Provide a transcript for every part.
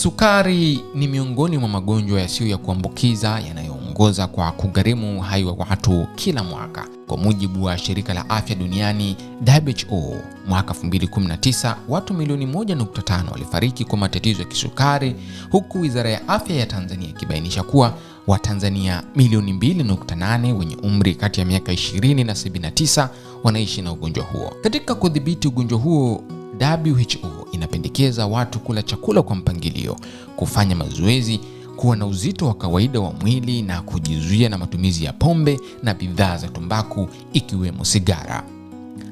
Kisukari ni miongoni mwa magonjwa yasiyo ya kuambukiza yanayoongoza kwa kugharimu uhai wa watu kila mwaka. Kwa mujibu wa shirika la afya duniani WHO, mwaka 2019 watu milioni 1.5 walifariki kwa matatizo ya kisukari, huku wizara ya afya ya Tanzania ikibainisha kuwa Watanzania milioni 2.8 wenye umri kati ya miaka 20 na 79 wanaishi na ugonjwa huo. Katika kudhibiti ugonjwa huo WHO inapendekeza watu kula chakula kwa mpangilio, kufanya mazoezi, kuwa na uzito wa kawaida wa mwili na kujizuia na matumizi ya pombe na bidhaa za tumbaku ikiwemo sigara.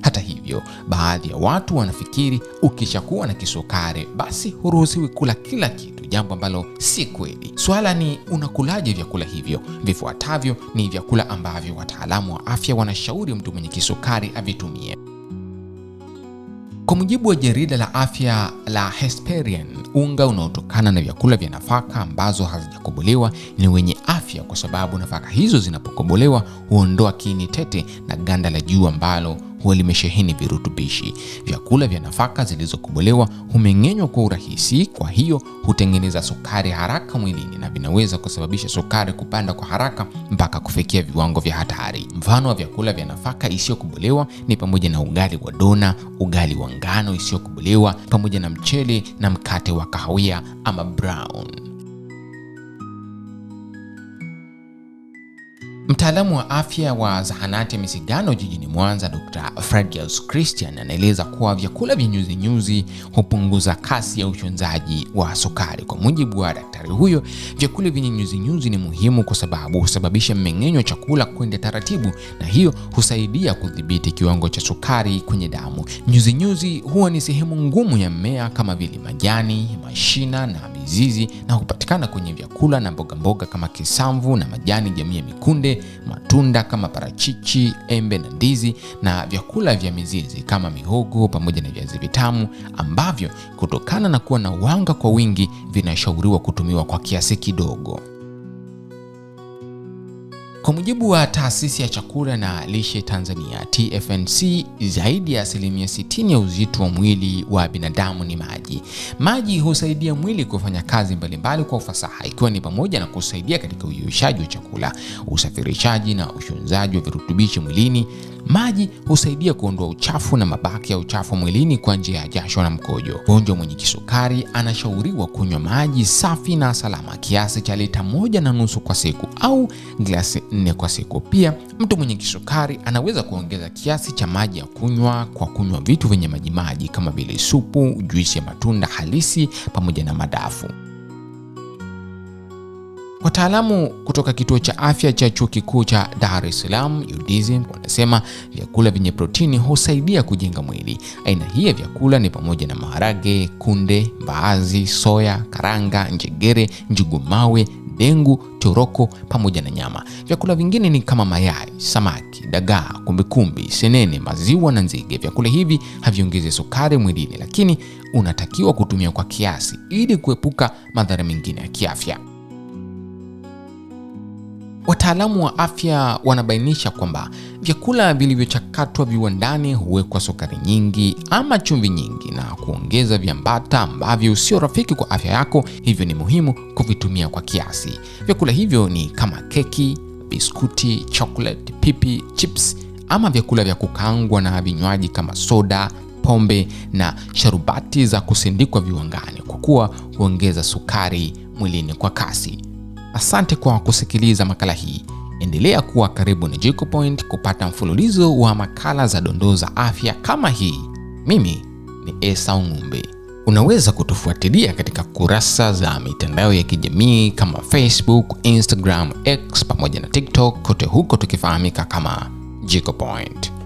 Hata hivyo, baadhi ya watu wanafikiri ukishakuwa na kisukari basi huruhusiwi kula kila kitu, jambo ambalo si kweli. Swala ni unakulaje vyakula hivyo. Vifuatavyo ni vyakula ambavyo wataalamu wa afya wanashauri mtu mwenye kisukari avitumie. Kwa mujibu wa jarida la afya la Hesperian, unga unaotokana na vyakula vya nafaka ambazo hazijakubuliwa ni wenye afya afya, kwa sababu nafaka hizo zinapokobolewa huondoa kiini tete na ganda la juu ambalo huwa limesheheni virutubishi. Vyakula vya nafaka zilizokobolewa humeng'enywa kwa urahisi, kwa hiyo hutengeneza sukari haraka mwilini na vinaweza kusababisha sukari kupanda kwa haraka mpaka kufikia viwango vya hatari. Mfano wa vyakula vya nafaka isiyokobolewa ni pamoja na ugali wa dona, ugali wa ngano isiyokobolewa, pamoja na mchele na mkate wa kahawia ama brown. Mtaalamu wa afya wa zahanati ya Misigano jijini Mwanza, Dr. Fredgels Christian anaeleza kuwa vyakula vya nyuzinyuzi hupunguza kasi ya uchunzaji wa sukari. Kwa mujibu wa daktari huyo, vyakula vyenye nyuzinyuzi ni muhimu kwa sababu husababisha mmeng'enyo wa chakula kwenda taratibu, na hiyo husaidia kudhibiti kiwango cha sukari kwenye damu. Nyuzinyuzi huwa ni sehemu ngumu ya mmea kama vile majani, mashina na mizizi na hupatikana kwenye vyakula na mbogamboga mboga kama kisamvu na majani jamii ya mikunde, matunda kama parachichi, embe na ndizi, na vyakula vya mizizi kama mihogo pamoja na viazi vitamu ambavyo kutokana na kuwa na wanga kwa wingi vinashauriwa kutumiwa kwa kiasi kidogo. Kwa mujibu wa taasisi ya chakula na lishe Tanzania TFNC, zaidi ya asilimia 60 ya uzito wa mwili wa binadamu ni maji. Maji husaidia mwili kufanya kazi mbalimbali kwa ufasaha, ikiwa ni pamoja na kusaidia katika uyeyushaji wa chakula, usafirishaji na ushunzaji wa virutubishi mwilini Maji husaidia kuondoa uchafu na mabaki ya uchafu mwilini kwa njia ya jasho na mkojo. Mgonjwa mwenye kisukari anashauriwa kunywa maji safi na salama kiasi cha lita moja na nusu kwa siku au glasi nne kwa siku. Pia mtu mwenye kisukari anaweza kuongeza kiasi cha maji ya kunywa kwa kunywa vitu vyenye majimaji kama vile supu, juisi ya matunda halisi pamoja na madafu. Wataalamu kutoka kituo cha afya cha chuo kikuu cha Dar es Salaam UDSM wanasema vyakula vyenye protini husaidia kujenga mwili. Aina hii ya vyakula ni pamoja na maharage, kunde, mbaazi, soya, karanga, njegere, njugu mawe, dengu, choroko pamoja na nyama. Vyakula vingine ni kama mayai, samaki, dagaa, kumbikumbi, senene, maziwa na nzige. Vyakula hivi haviongezi sukari mwilini, lakini unatakiwa kutumia kwa kiasi ili kuepuka madhara mengine ya kiafya. Wataalamu wa afya wanabainisha kwamba vyakula vilivyochakatwa viwandani huwekwa sukari nyingi ama chumvi nyingi na kuongeza viambata ambavyo sio rafiki kwa afya yako, hivyo ni muhimu kuvitumia kwa kiasi. Vyakula hivyo ni kama keki, biskuti, chocolate, pipi, chips ama vyakula vya kukaangwa na vinywaji kama soda, pombe na sharubati za kusindikwa viwandani, kwa kuwa huongeza sukari mwilini kwa kasi. Asante kwa kusikiliza makala hii. Endelea kuwa karibu na Jiko Point kupata mfululizo wa makala za dondoo za afya kama hii. Mimi ni Esa Ng'umbe. Unaweza kutufuatilia katika kurasa za mitandao ya kijamii kama Facebook, Instagram, X pamoja na TikTok, kote huko tukifahamika kama Jiko Point.